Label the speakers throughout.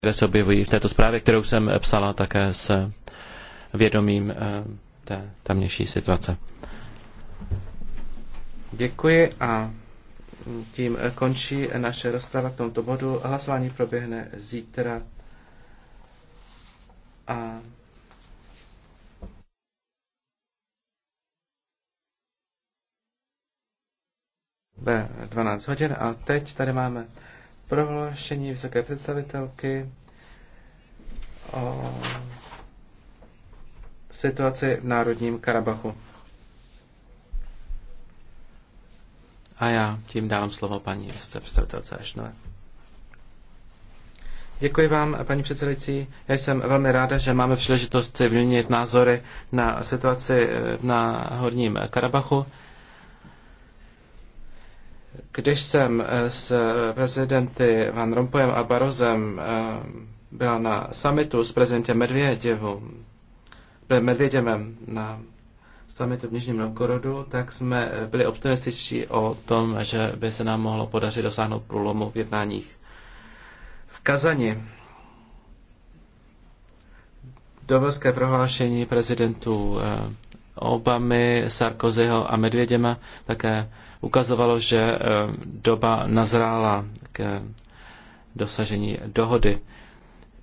Speaker 1: které se objevují v této zprávě, kterou jsem psala také s vědomím eh, té tamnější situace. Děkuji a tím končí naše rozprava k tomuto bodu. Hlasování proběhne zítra. A ve 12 hodin. A teď tady máme prohlášení vysoké představitelky o situaci v Národním Karabachu. A já tím dávám slovo paní vysoké představitelce Ašnové. Děkuji vám, paní předsedající. Já jsem velmi ráda, že máme příležitost vyměnit názory na situaci na Horním Karabachu. Když jsem eh, s eh, prezidenty Van Rompuyem a Barozem eh, byla na summitu s prezidentem Medvěděvem, Medvěděvem na summitu v Nižním Novgorodu, tak jsme byli optimističtí o tom, že by se nám mohlo podařit dosáhnout průlomu v jednáních v Kazani. Dovolské prohlášení prezidentů Obamy, Sarkozyho a Medvěděma také ukazovalo, že eh, doba nazrála k dosažení dohody.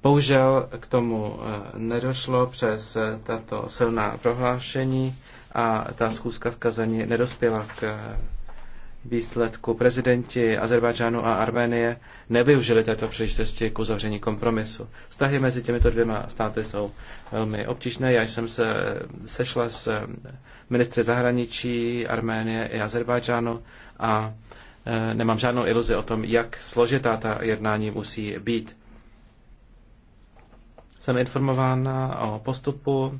Speaker 1: Bohužel k tomu eh, nedošlo přes eh, tato silná prohlášení a ta schůzka v Kazani nedospěla k výsledku prezidenti Azerbajdžánu a Arménie nevyužili této příležitosti k uzavření kompromisu. Vztahy mezi těmito dvěma státy jsou velmi obtížné. Já jsem se sešla s ministry zahraničí Arménie i Azerbajdžánu a e, nemám žádnou iluzi o tom, jak složitá ta jednání musí být. Jsem informována o postupu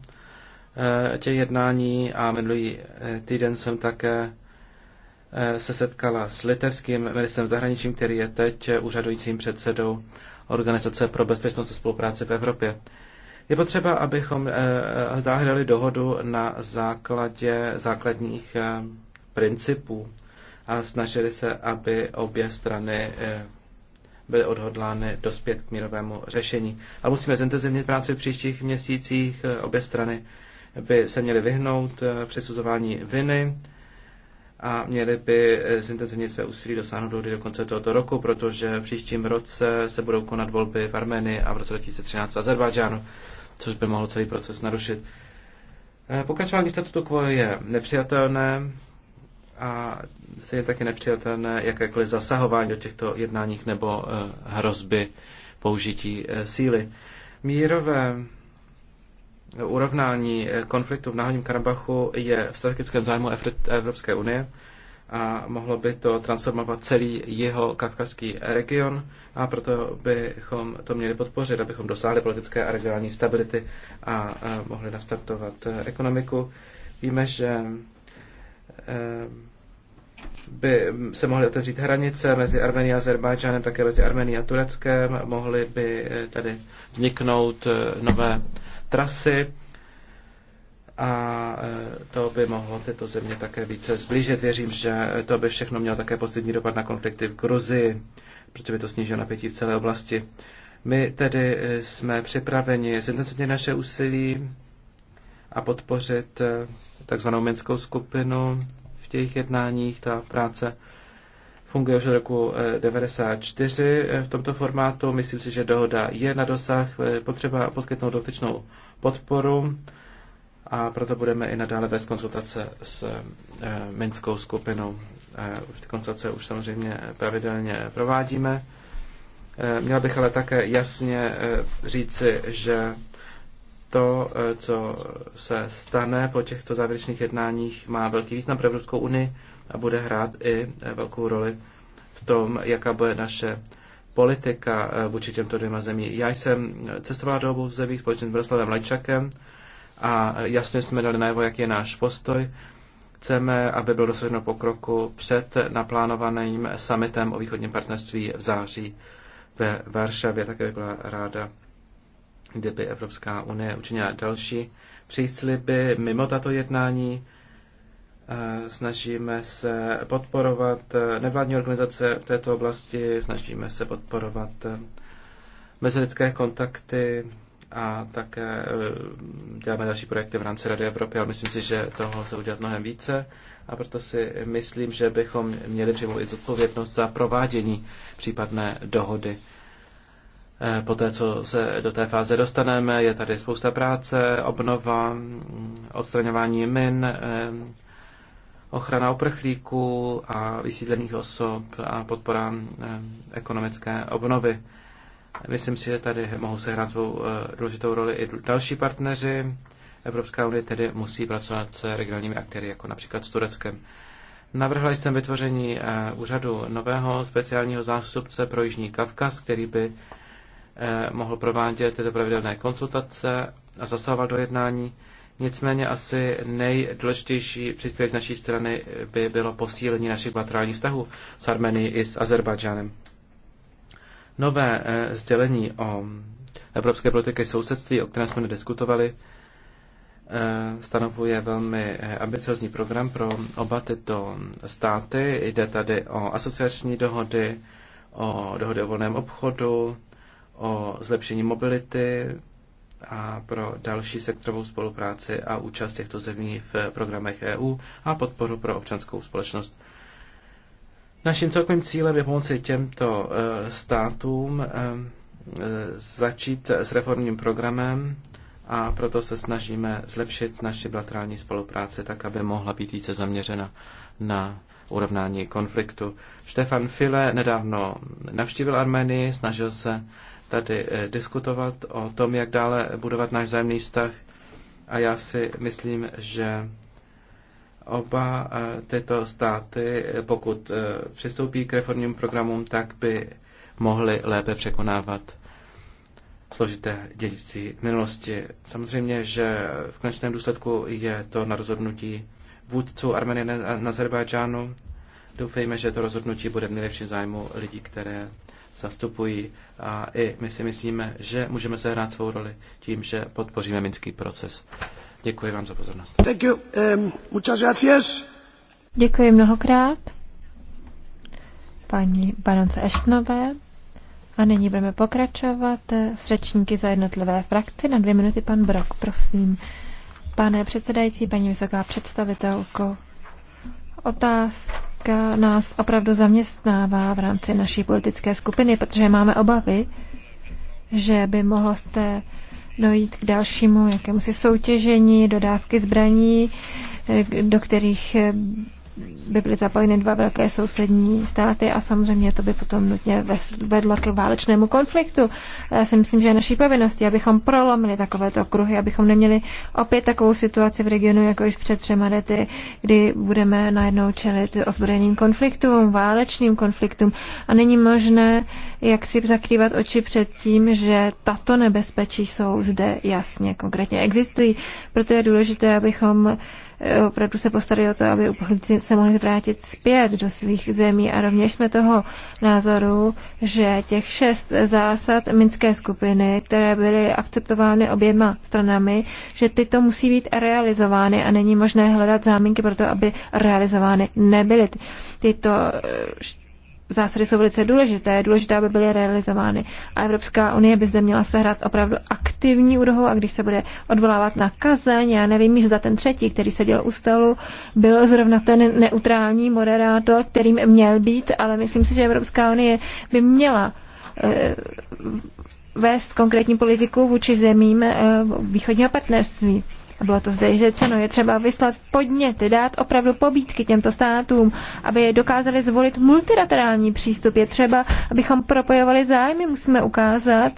Speaker 1: e, těch jednání a minulý e, týden jsem také Eh, se setkala s litevským ministrem zahraničím, který je teď eh, úřadujícím předsedou Organizace pro bezpečnost a spolupráci v Evropě. Je potřeba, abychom hledali eh, dohodu na základě základních principů a snažili se, aby obě strany byly odhodlány dospět k mírovému řešení. A musíme zintenzivnit práci v příštích měsících. Obě strany by se měly vyhnout přisuzování viny a měli by eh, zintenzivnit své úsilí dosáhnout dohody do konce tohoto roku, protože v příštím roce se budou konat volby v Armenii a v roce 2013 v Azerbajdžánu, což by mohlo celý proces narušit. Eh, pokračování statutu quo je nepřijatelné a je také nepřijatelné jakékoliv zasahování do těchto jednáních nebo eh, hrozby použití síly. Mírové urovnání eh, konfliktu v Náhodním Karabachu je v strategickém zájmu Evropské unie a mohlo by to transformovat celý jeho kavkazský region a proto bychom to měli podpořit, abychom dosáhli politické a regionální stability a mohli nastartovat eh, ekonomiku. Víme, že eh, by se mohly otevřít hranice mezi Armenií a Azerbajdžánem, také mezi Armenií a Tureckem, mohly by tady vzniknout nové trasy a e, to by mohlo tyto země také více zblížit. Věřím, že to by všechno mělo také pozitivní dopad na konflikty v Gruzii, protože by to snížilo napětí v celé oblasti. My tedy e, jsme připraveni zintenzivnit naše úsilí a podpořit e, takzvanou Minskou skupinu v těch jednáních. Ta práce funguje už od roku 1994 eh, eh, v tomto formátu. Myslím si, že dohoda je na dosah, eh, potřeba poskytnout dotyčnou podporu a proto budeme i nadále vést konzultace s minskou skupinou. Už ty konzultace už samozřejmě pravidelně provádíme. Měl bych ale také jasně říci, že to, co se stane po těchto závěrečných jednáních, má velký význam pro Evropskou unii a bude hrát i velkou roli v tom, jaká bude naše politika eh, vůči těmto dvěma zemí. Já jsem cestovala do obou zemí společně s Miroslavem Lajčakem a jasně jsme dali najevo, jaký je náš postoj. Chceme, aby bylo dosaženo pokroku před naplánovaným summitem o východním partnerství v září ve Varšavě. Také bych byla ráda, kdyby Evropská unie učinila další přísliby mimo tato jednání snažíme se podporovat eh, nevládní organizace v této oblasti, snažíme se podporovat eh, mezilidské kontakty a také eh, děláme další projekty v rámci Rady Evropy, ale myslím si, že toho se udělat mnohem více a proto si myslím, že bychom měli přijmout i zodpovědnost za provádění případné dohody. po té, co se do té fáze dostaneme, je tady spousta práce, obnova, mm, odstraňování min, ochrana uprchlíků a vysídlených osob a podpora eh, ekonomické obnovy. Myslím si, že tady mohou sehrát svou eh, důležitou roli i další partneři. Evropská unie tedy musí pracovat s regionálními aktéry, jako například s Tureckem. Navrhla jsem vytvoření eh, úřadu nového speciálního zástupce pro Jižní Kavkaz, který by mohl provádět tyto pravidelné konsultace a zasahovat do jednání Nicméně asi nejdůležitější příspěvek naší strany by bylo posílení našich bilaterálních vztahů s Armenií i s Azerbajdžánem. Nové eh, sdělení o evropské politiky sousedství, o kterém jsme diskutovali, eh, stanovuje velmi eh, ambiciozní program pro oba tyto státy. Jde tady o asociační dohody, o dohody o volném obchodu, o zlepšení mobility a pro další sektorovou spolupráci a účast těchto zemí v programech EU a podporu pro občanskou společnost. Naším celkovým cílem je pomoci těmto eh, státům eh, začít s reformním programem a proto se snažíme zlepšit naši bilaterální spolupráci tak, aby mohla být více zaměřena na urovnání konfliktu. Štefan File nedávno navštívil Armenii, snažil se tady eh, diskutovat o tom, jak dále budovat náš zájemný vztah. A já si myslím, že oba eh, tyto státy, eh, pokud přistoupí k reformním programům, tak by mohly lépe překonávat složité dědictví minulosti. Samozřejmě, že v konečném důsledku je to na rozhodnutí vůdců Armenie na Azerbajdžánu, Doufejme, že to rozhodnutí bude v nejlepším zájmu lidí, které zastupují a i my si myslíme, že můžeme sehrát svou roli tím, že podpoříme minský proces. Děkuji vám za pozornost.
Speaker 2: Thank you. Um, muchas gracias. Děkuji mnohokrát paní baronce Eštnové. A nyní budeme pokračovat eh, s řečníky za jednotlivé frakce. Na dvě minuty pan Brok, prosím. Pane předsedající, paní vysoká představitelko, otázka otázka eh, nás opravdu zaměstnává v rámci naší politické skupiny, protože máme obavy, že by mohlo jste dojít k dalšímu jakémusi soutěžení, dodávky zbraní, eh, do kterých eh, by byly zapojeny dva velké sousední státy a samozřejmě to by potom nutně vedlo k válečnému konfliktu. Já si myslím, že je naší povinností, abychom prolomili takovéto kruhy, abychom neměli opět takovou situaci v regionu, jako již před třema lety, kdy budeme najednou čelit ozbrojeným konfliktům, válečným konfliktům a není možné jak si zakrývat oči před tím, že tato nebezpečí jsou zde jasně konkrétně existují. Proto je důležité, abychom Eh, opravdu se postarali o to, aby uprchlíci se mohli vrátit zpět do svých zemí a rovněž jsme toho názoru, že těch šest zásad minské skupiny, které byly akceptovány oběma stranami, že tyto musí být realizovány a není možné hledat záminky pro to, aby realizovány nebyly. Tyto eh, zásady jsou velice důležité, důležité, aby byly realizovány. A Evropská unie by zde měla sehrát opravdu aktivní aktivní úrohou a když se bude odvolávat na kazeň, já nevím, že za ten třetí, který seděl u stolu, byl zrovna ten neutrální moderátor, kterým měl být, ale myslím si, že Evropská unie by měla e, vést konkrétní politiku vůči zemím e, východního partnerství. A bylo to zde řečeno, je třeba vyslat podněty, dát opravdu pobídky těmto státům, aby je dokázali zvolit multilaterální přístup. Je třeba, abychom propojovali zájmy, musíme ukázat,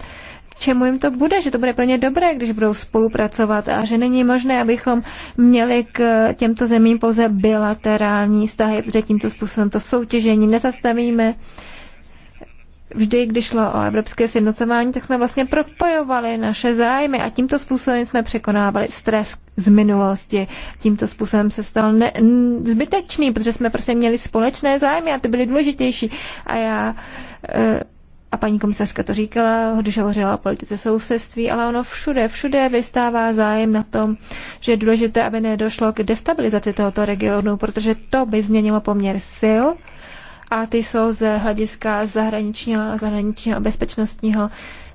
Speaker 2: čemu jim to bude, že to bude pro ně dobré, když budou spolupracovat a že není možné, abychom měli k těmto zemím pouze bilaterální vztahy, protože tímto způsobem to soutěžení nezastavíme vždy, když šlo o evropské sjednocování, tak jsme vlastně propojovali naše zájmy a tímto způsobem jsme překonávali stres z minulosti. Tímto způsobem se stal ne- zbytečný, protože jsme prostě měli společné zájmy a ty byly důležitější. A já e, a paní komisařka to říkala, když hovořila o politice sousedství, ale ono všude, všude vystává zájem na tom, že je důležité, aby nedošlo k destabilizaci tohoto regionu, protože to by změnilo poměr sil a ty jsou z hlediska zahraničního a zahraničního bezpečnostního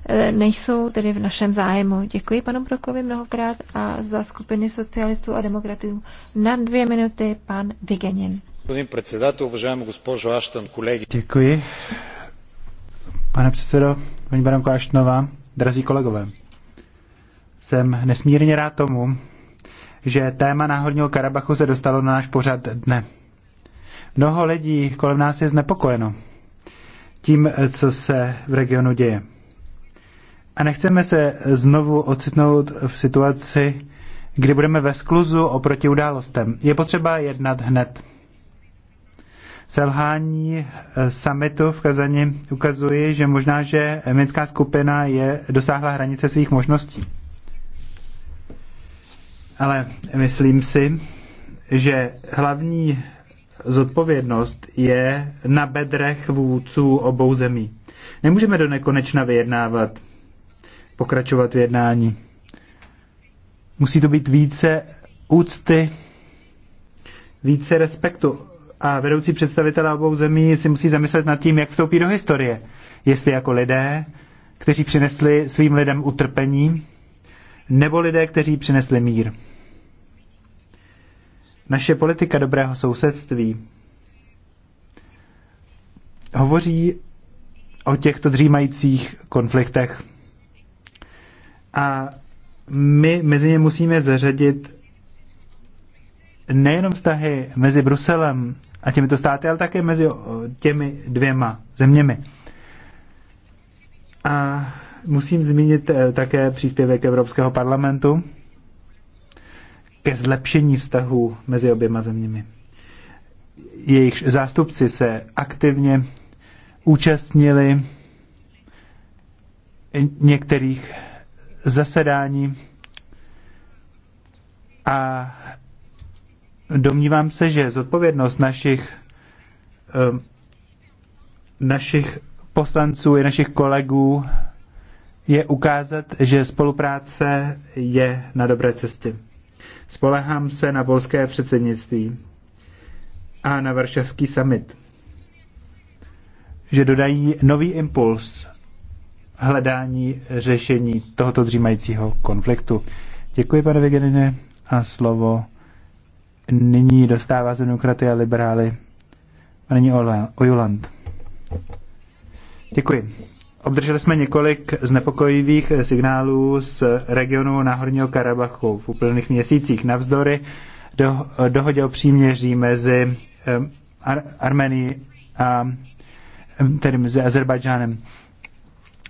Speaker 2: eh, nejsou tedy v našem zájmu. Děkuji panu Brokovi mnohokrát a za skupiny socialistů a demokratů na dvě minuty pan Vigenin.
Speaker 3: Děkuji. Pane předsedo, paní baronko Aštnova, drazí kolegové, jsem nesmírně rád tomu, že téma Náhorního Karabachu se dostalo na náš pořad dne. Mnoho lidí kolem nás je znepokojeno tím, co se v regionu děje. A nechceme se znovu ocitnout v situaci, kdy budeme ve skluzu oproti událostem. Je potřeba jednat hned. Selhání eh, summitu v Kazani ukazuje, že možná, že minská skupina je dosáhla hranice svých možností. Ale myslím si, že hlavní zodpovědnost je na bedrech vůdců obou zemí. Nemůžeme do nekonečna vyjednávat, pokračovat v jednání. Musí to být více úcty, více respektu a vedoucí představitelé obou zemí si musí zamyslet nad tím, jak vstoupí do historie. Jestli jako lidé, kteří přinesli svým lidem utrpení, nebo lidé, kteří přinesli mír. Naše politika dobrého sousedství hovoří o těchto dřímajících konfliktech. A my mezi ně musíme zařadit nejenom vztahy mezi Bruselem a těmito státy, ale také mezi těmi dvěma zeměmi. A musím zmínit eh, také příspěvek Evropského parlamentu ke zlepšení vztahů mezi oběma zeměmi. Jejich zástupci se aktivně účastnili některých zasedání a Domnívám se, že zodpovědnost našich, ehm, našich poslanců i našich kolegů je ukázat, že spolupráce je na dobré cestě. Spolehám se na polské předsednictví a na Varšavský summit, že dodají nový impuls hledání řešení tohoto dřímajícího konfliktu. Děkuji, pane Vigenine, a slovo nyní dostává z demokraty a liberály a nyní Ojuland. Děkuji. Obdrželi jsme několik znepokojivých signálů z regionu Náhorního Karabachu v úplných měsících. Navzdory do, dohodě o příměří mezi eh, Ar- Armenií a eh, tedy mezi Azerbajdžánem.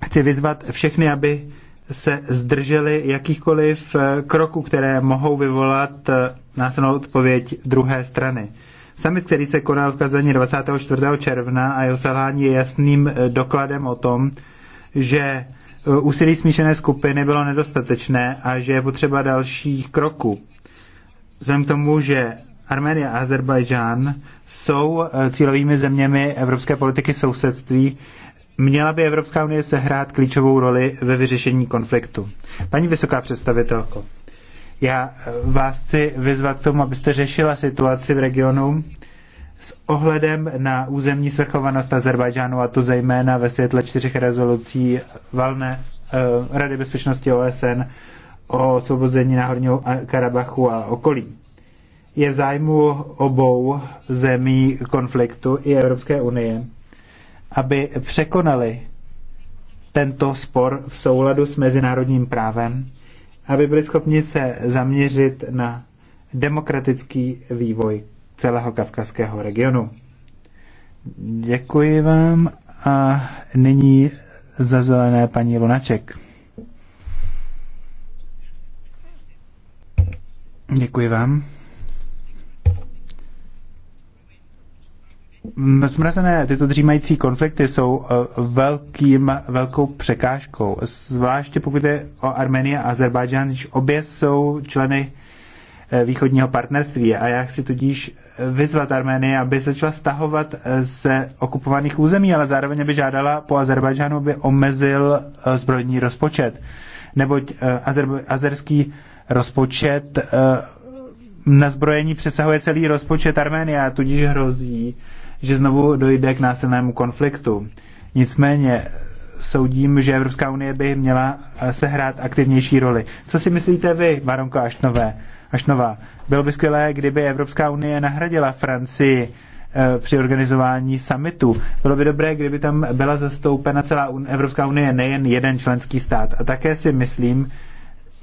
Speaker 3: Chci vyzvat všechny, aby se zdrželi jakýchkoliv eh, kroků, které mohou vyvolat eh, následnou odpověď druhé strany. Summit, který se konal v Kazani 24. června a jeho selhání je jasným eh, dokladem o tom, že úsilí smíšené skupiny bylo nedostatečné a že je potřeba dalších kroků. Vzhledem k tomu, že Arménie a Azerbajdžán jsou cílovými zeměmi evropské politiky sousedství, Měla by Evropská unie sehrát klíčovou roli ve vyřešení konfliktu. Paní vysoká představitelko, já eh, vás chci vyzvat k tomu, abyste řešila situaci v regionu s ohledem na územní svrchovanost Azerbajdžánu, a to zejména ve světle čtyřech rezolucí valné uh, Rady bezpečnosti OSN o osvobození Náhorního Karabachu a okolí. Je v zájmu obou zemí konfliktu i Evropské unie, aby překonali tento spor v souladu s mezinárodním právem, aby byli schopni se zaměřit na demokratický vývoj celého kavkazského regionu. Děkuji vám a nyní za zelené paní Lunaček. Děkuji vám. Zmrazené tyto dřímající konflikty jsou eh, velkým, velkou překážkou, zvláště pokud je o Armenii a Azerbajdžán, když obě jsou členy eh, východního partnerství a já chci tudíž eh, vyzvat Arménii, aby se začala stahovat ze okupovaných území, ale zároveň by žádala po Azerbajdžánu, aby omezil zbrojní rozpočet. Neboť azer, azerský rozpočet na zbrojení přesahuje celý rozpočet Arménie a tudíž hrozí, že znovu dojde k násilnému konfliktu. Nicméně soudím, že Evropská unie by měla sehrát aktivnější roli. Co si myslíte vy, Maronko Aštnové? Aštnová, bylo by skvělé, kdyby Evropská unie nahradila Francii eh, při organizování summitu. Bylo by dobré, kdyby tam byla zastoupena celá Evropská unie, nejen jeden členský stát. A také si myslím,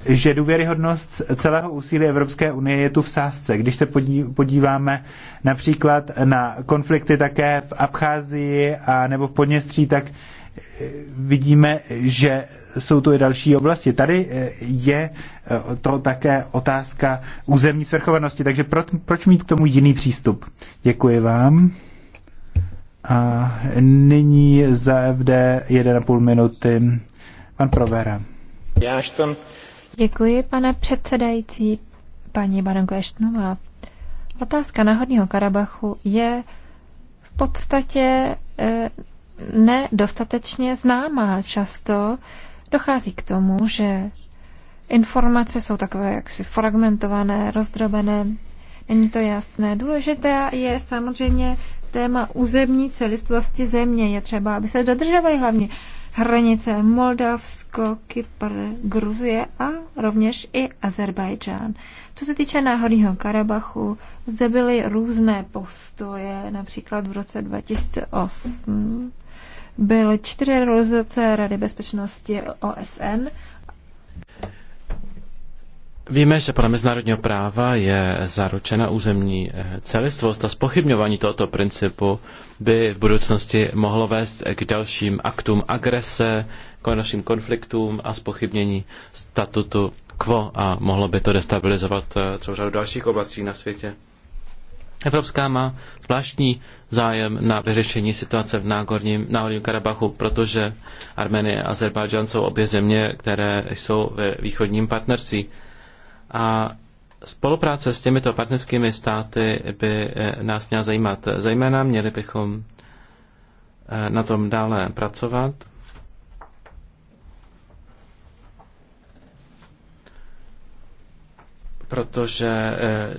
Speaker 3: že důvěryhodnost celého úsilí Evropské unie je tu v sázce. Když se podíváme například na konflikty také v Abcházii a nebo v Podněstří, tak eh, vidíme, že jsou tu i další oblasti. Tady eh, je eh, to také otázka územní svrchovanosti, takže proč, proč mít k tomu jiný přístup? Děkuji vám. A nyní za FD 1,5 minuty pan Provera.
Speaker 1: Já,
Speaker 2: Děkuji, pane předsedající, paní Baronko Eštnová. Otázka náhodního Karabachu je v podstatě e, nedostatečně známá. Často dochází k tomu, že informace jsou takové jaksi fragmentované, rozdrobené, není to jasné. Důležité je samozřejmě téma územní celistvosti země. Je třeba, aby se dodržovaly hlavně hranice Moldavsko, Kypr, Gruzie a rovněž i Azerbajdžán. Co se týče Náhorního Karabachu, zde byly různé postoje, například v roce 2008 byly čtyři realizace Rady bezpečnosti OSN
Speaker 1: Víme, že podle mezinárodního práva je zaručena územní eh, celistvost a spochybňování tohoto principu by v budoucnosti mohlo vést k dalším aktům agrese, k dalším konfliktům a spochybnění statutu quo a mohlo by to destabilizovat eh, celou řadu dalších oblastí na světě. Evropská má zvláštní zájem na vyřešení situace v Náhorním, Náhorním Karabachu, protože Armenie a Azerbajdžán jsou obě země, které jsou ve východním partnerství. A spolupráce s těmito partnerskými státy by eh, nás měla zajímat. Zejména měli bychom eh, na tom dále pracovat. protože eh,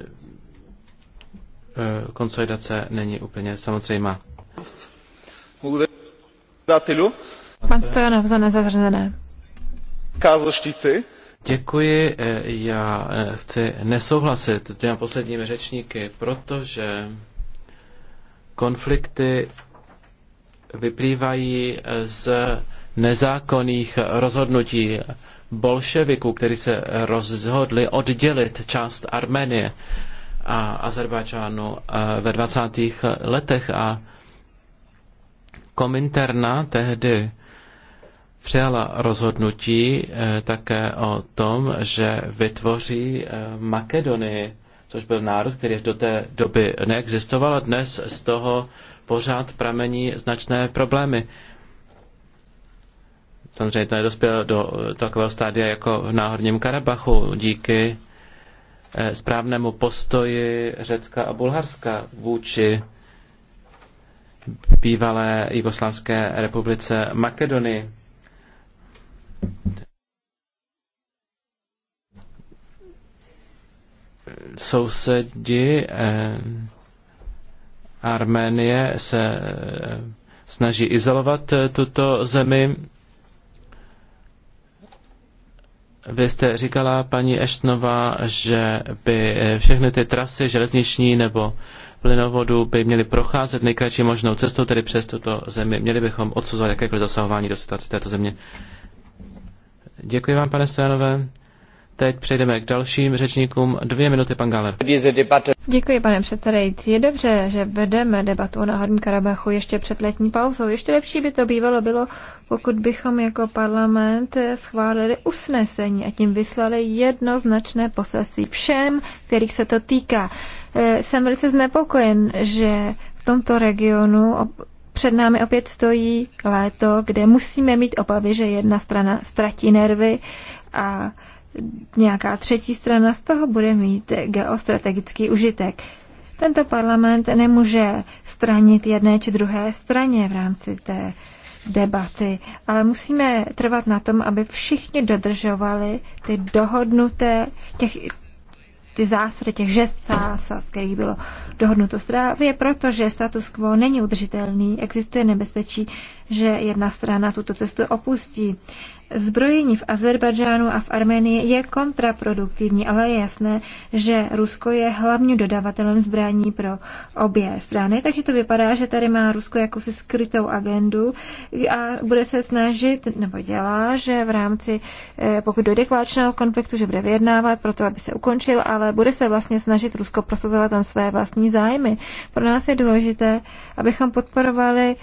Speaker 1: konsolidace není úplně samozřejmá.
Speaker 2: Pan Stojanov za nezavřené.
Speaker 1: Kázoštici. Děkuji. E, já e, chci nesouhlasit s těmi posledními řečníky, protože konflikty vyplývají e, z nezákonných rozhodnutí bolševiků, kteří se rozhodli oddělit část Arménie a Azerbajdžánu ve 20. letech a Kominterna tehdy přijala rozhodnutí eh, také o tom, že vytvoří eh, Makedonii, což byl národ, který do té doby neexistoval a dnes z toho pořád pramení značné problémy. Samozřejmě to nedospělo do eh, takového stádia jako v Náhorním Karabachu díky správnému postoji Řecka a Bulharska vůči bývalé Jugoslánské republice Makedonii sousedi eh, Arménie se eh, snaží izolovat eh, tuto zemi. Vy jste říkala, paní Eštnova, že by eh, všechny ty trasy železniční nebo plynovodu by měly procházet nejkratší možnou cestou, tedy přes tuto zemi. Měli bychom odsuzovat jakékoliv zasahování do situace této země. Děkuji vám, pane Stojanové. Teď přejdeme k dalším řečníkům. Dvě minuty, pan Galer.
Speaker 2: Děkuji, pane předsedající. Je dobře, že vedeme debatu o Náhorním Karabachu ještě před letní pauzou. Ještě lepší by to bývalo bylo, pokud bychom jako parlament schválili usnesení a tím vyslali jednoznačné poselství všem, kterých se to týká. Eh, jsem velice znepokojen, že v tomto regionu před námi opět stojí léto, kde musíme mít obavy, že jedna strana ztratí nervy a nějaká třetí strana z toho bude mít geostrategický užitek. Tento parlament nemůže stranit jedné či druhé straně v rámci té debaty, ale musíme trvat na tom, aby všichni dodržovali ty dohodnuté, těch, ty zásady, těch žest zásad, kterých bylo dohodnuto strávě, protože status quo není udržitelný, existuje nebezpečí, že jedna strana tuto cestu opustí. Zbrojení v Azerbajdžánu a v Armenii je kontraproduktivní, ale je jasné, že Rusko je hlavním dodavatelem zbraní pro obě strany, takže to vypadá, že tady má Rusko jakousi skrytou agendu a bude se snažit, nebo dělá, že v rámci, eh, pokud dojde k válečného konfliktu, že bude vyjednávat pro to, aby se ukončil, ale bude se vlastně snažit Rusko prosazovat tam své vlastní zájmy. Pro nás je důležité, abychom podporovali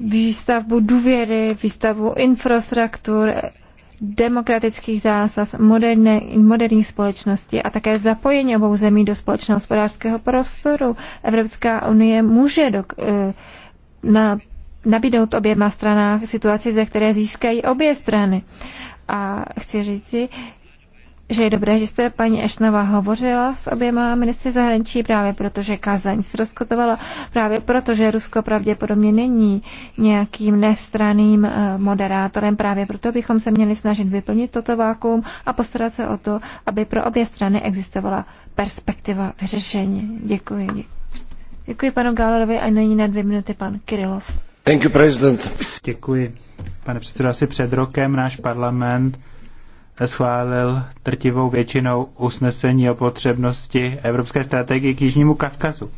Speaker 2: výstavbu důvěry, výstavbu infrastruktur, demokratických zásad, moderné, moderní společnosti a také zapojení obou zemí do společného hospodářského prostoru. Evropská unie může do, eh, na, nabídnout oběma stranách situaci, ze které získají obě strany. A chci říci, že je dobré, že jste paní Ešnová hovořila s oběma ministry zahraničí právě proto, že Kazaň se rozkotovala, právě proto, že Rusko pravděpodobně není nějakým nestraným eh, moderátorem, právě proto bychom se měli snažit vyplnit toto vákuum a postarat se o to, aby pro obě strany existovala perspektiva vyřešení. Děkuji. Děkuji panu Gálerovi a nyní na dvě minuty pan Kirilov.
Speaker 3: Thank you, president. Děkuji. Pane předsedo, asi před rokem náš parlament schválil trtivou většinou usnesení o potřebnosti Evropské strategie k Jižnímu Kavkazu.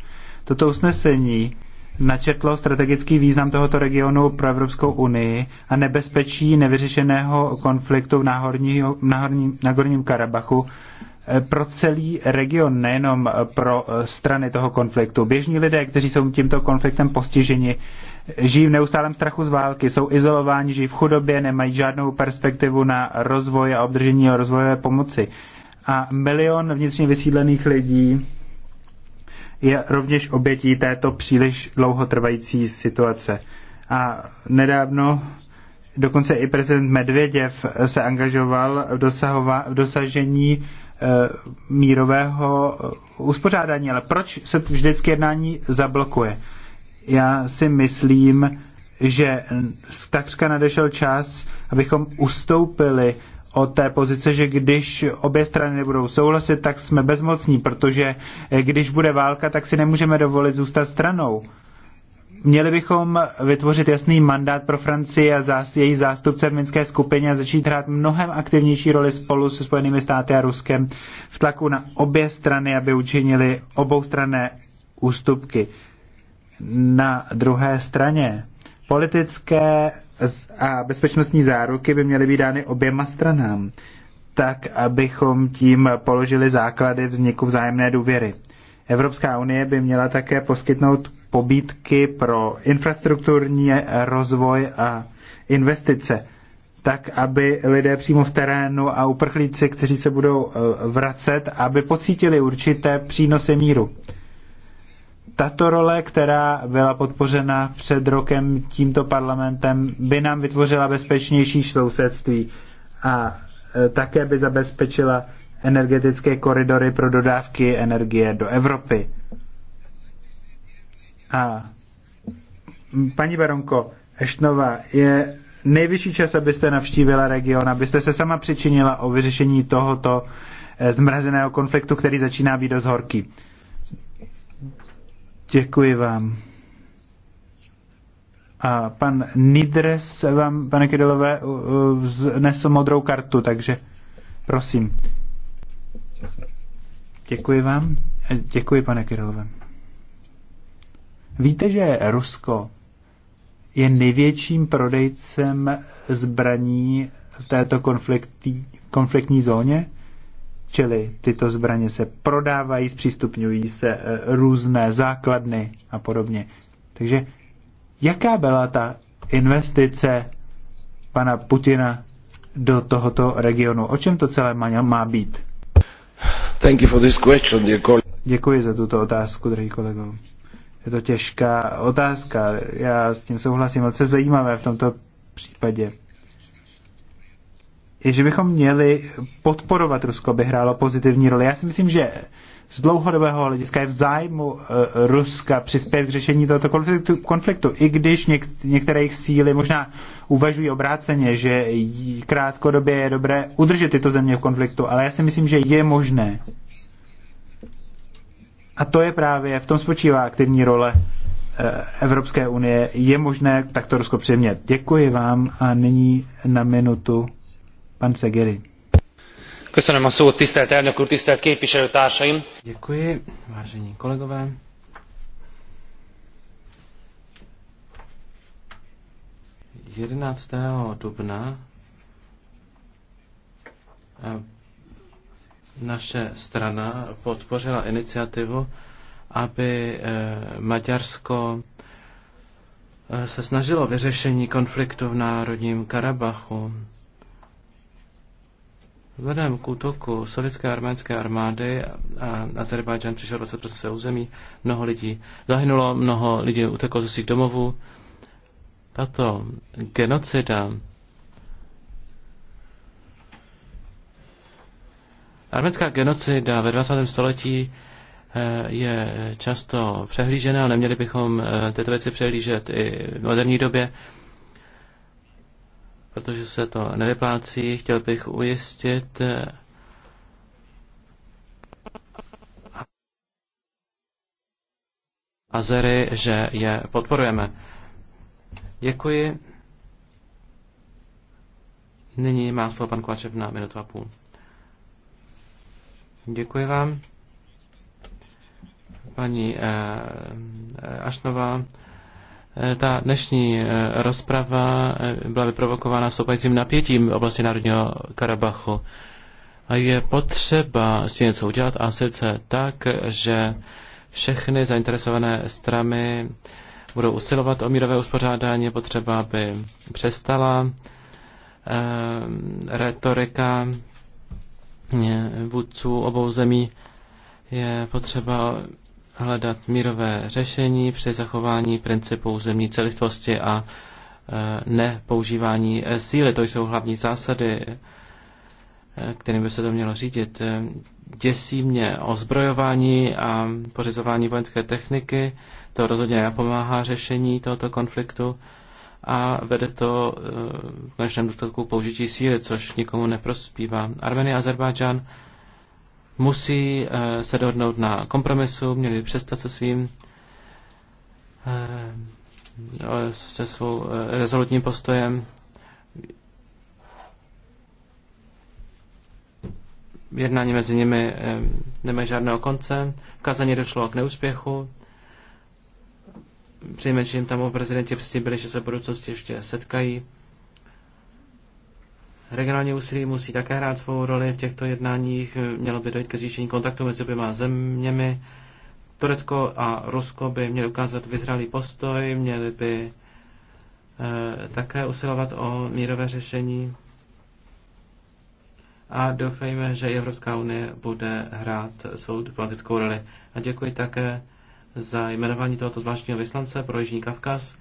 Speaker 3: Toto usnesení načetlo strategický význam tohoto regionu pro Evropskou unii a nebezpečí nevyřešeného konfliktu v, náhorní, v, Karabachu pro celý region, nejenom pro eh, strany toho konfliktu. Běžní lidé, kteří jsou tímto konfliktem postiženi, žijí v neustálém strachu z války, jsou izolováni, žijí v chudobě, nemají žádnou perspektivu na rozvoj a obdržení a rozvojové pomoci. A milion vnitřně vysídlených lidí je rovněž obětí této příliš dlouhotrvající situace. A nedávno dokonce i prezident Medvěděv se angažoval v, dosahova, v dosažení Eh, mírového eh, uspořádání, ale proč se vždycky jednání zablokuje? Já si myslím, že takřka nadešel čas, abychom ustoupili od té pozice, že když obě strany nebudou souhlasit, tak jsme bezmocní, protože eh, když bude válka, tak si nemůžeme dovolit zůstat stranou. Měli bychom vytvořit jasný mandát pro Francii a zás, její zástupce v Minské skupině a začít hrát mnohem aktivnější roli spolu se Spojenými státy a Ruskem v tlaku na obě strany, aby učinili oboustranné ústupky. Na druhé straně politické a bezpečnostní záruky by měly být dány oběma stranám, tak abychom tím položili základy vzniku vzájemné důvěry. Evropská unie by měla také poskytnout pobídky pro infrastrukturní rozvoj a investice, tak aby lidé přímo v terénu a uprchlíci, kteří se budou eh, vracet, aby pocítili určité přínosy míru. Tato role, která byla podpořena před rokem tímto parlamentem, by nám vytvořila bezpečnější sousedství a eh, také by zabezpečila energetické koridory pro dodávky energie do Evropy. A paní Baronko Eštnova, je nejvyšší čas, abyste navštívila region, abyste se sama přičinila o vyřešení tohoto eh, zmrazeného konfliktu, který začíná být dost horký. Děkuji vám. A pan Nidres vám, pane Kydelové, vznesl modrou kartu, takže prosím. Děkuji vám. Eh, děkuji, pane Kirilové. Víte, že Rusko je největším prodejcem zbraní v této konfliktní zóně? Čili tyto zbraně se prodávají, zpřístupňují se eh, různé základny a podobně. Takže jaká byla ta investice pana Putina do tohoto regionu? O čem to celé má, má být?
Speaker 1: Thank you for this question,
Speaker 3: dear Děkuji za tuto otázku, drahý kolego. Je to těžká otázka, já s tím souhlasím, ale co je zajímavé v tomto případě, je, že bychom měli podporovat Rusko, aby hrálo pozitivní roli. Já si myslím, že z dlouhodobého hlediska je v zájmu eh, Ruska přispět k řešení tohoto konfliktu, konfliktu i když něk, některé jejich síly možná uvažují obráceně, že krátkodobě je dobré udržet tyto země v konfliktu, ale já si myslím, že je možné a to je právě, v tom spočívá aktivní role eh, Evropské unie. Je možné takto Rusko přimět. Děkuji vám a nyní na minutu pan Segeri. Köszönöm a szót, tisztelt elnök úr, tisztelt képviselőtársaim!
Speaker 1: Děkuji, vážení kolegové. Jedenáctého dubna eh, naše strana podpořila iniciativu, aby eh, Maďarsko eh, se snažilo vyřešení konfliktu v Národním Karabachu. Vzhledem k útoku sovětské arménské armády a Azerbajdžan přišel se pro své území, mnoho lidí zahynulo, mnoho lidí uteklo ze svých domovů. Tato genocida Arménská genocida ve 20. století eh, je často přehlížena, ale neměli bychom eh, tyto věci přehlížet i v moderní době, protože se to nevyplácí. Chtěl bych ujistit eh, Azery, že je podporujeme. Děkuji. Nyní má slovo pan Kovačev na minutu a půl. Děkuji vám. Paní eh, eh, Ašnová, eh, ta dnešní rozprava byla vyprovokována stoupajícím napětím v oblasti Národního Karabachu. A je potřeba si něco udělat a sice tak, že všechny zainteresované strany budou usilovat o mírové uspořádání, je potřeba, aby přestala eh, retorika vůdců obou zemí je potřeba hledat mírové řešení při zachování principů zemní celistvosti a e, nepoužívání e, síly. To jsou hlavní zásady, e, kterým by se to mělo řídit. Děsí mě ozbrojování a pořizování vojenské techniky. To rozhodně nepomáhá řešení tohoto konfliktu a vede to eh, v konečném důsledku použití síly, což nikomu neprospívá. Armenie a Azerbajdžán musí eh, se dohodnout na kompromisu, měli přestat se svým eh, se svou rezolutním postojem. Jednání mezi nimi nemá žádného konce. V Kazaně došlo k neúspěchu. Přinejmenším tam o prezidentě přislíbili, že se v budoucnosti ještě setkají. Regionální úsilí musí také hrát svou roli v těchto jednáních. Mělo by dojít ke zvýšení kontaktu mezi oběma zeměmi. Turecko a Rusko by měly ukázat vyzralý postoj, měly by e, také usilovat o mírové řešení. A doufejme, že Evropská unie bude hrát svou diplomatickou roli. A děkuji také za jmenování tohoto zvláštního vyslance pro Jižní Kavkaz.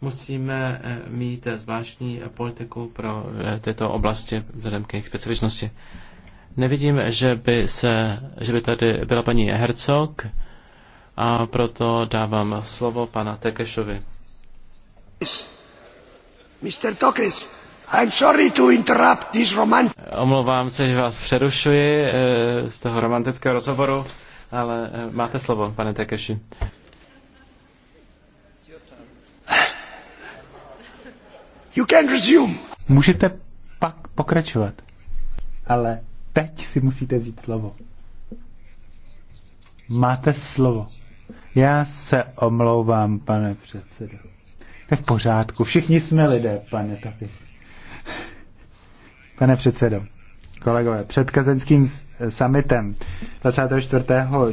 Speaker 1: Musíme eh, mít zvláštní politiku pro eh, tyto oblasti vzhledem k jejich specifičnosti. Nevidím, že by, se, že by tady byla paní Hercog a proto dávám slovo pana Tekešovi. Mr.
Speaker 3: Tokes, I'm sorry to interrupt this romantic...
Speaker 1: Omlouvám se, že vás přerušuji eh, z toho romantického rozhovoru ale eh, máte slovo, pane Takeshi. You can
Speaker 3: resume. Můžete pak pokračovat, ale teď si musíte vzít slovo. Máte slovo. Já se omlouvám, pane předsedo. To je v pořádku. Všichni jsme lidé, pane Tapis. Pane předsedo, kolegové, před kazenským summitem 24.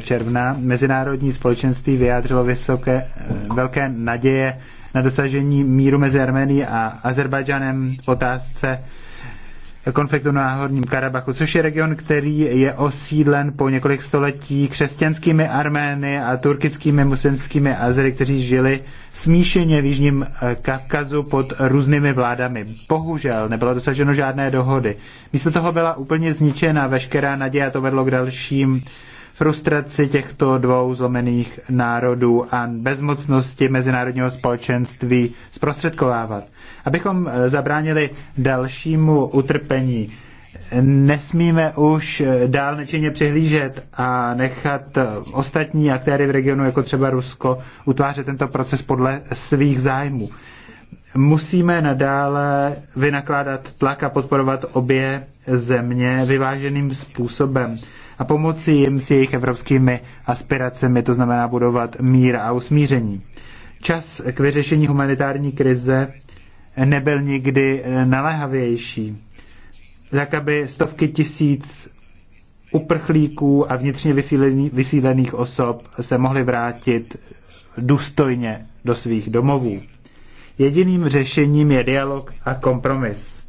Speaker 3: června mezinárodní společenství vyjádřilo vysoké, eh, velké naděje na dosažení míru mezi Arménií a Azerbajdžanem v otázce konfliktu na Horním Karabachu, což je region, který je osídlen po několik století křesťanskými Armény a turkickými muslimskými Azery, kteří žili smíšeně v Jižním eh, Kavkazu pod různými vládami. Bohužel nebylo dosaženo žádné dohody. Místo toho byla úplně zničena veškerá naděje a to vedlo k dalším frustraci těchto dvou zlomených národů a bezmocnosti mezinárodního společenství zprostředkovávat. Abychom eh, zabránili dalšímu utrpení, nesmíme už eh, dál nečinně přihlížet a nechat eh, ostatní aktéry v regionu, jako třeba Rusko, utvářet tento proces podle svých zájmů. Musíme nadále vynakládat tlak a podporovat obě země vyváženým způsobem a pomoci jim s jejich evropskými aspiracemi, to znamená budovat mír a usmíření. Čas k vyřešení humanitární krize nebyl nikdy eh, naléhavější. Tak, aby stovky tisíc uprchlíků a vnitřně vysílených osob se mohly vrátit důstojně do svých domovů. Jediným řešením je dialog a kompromis.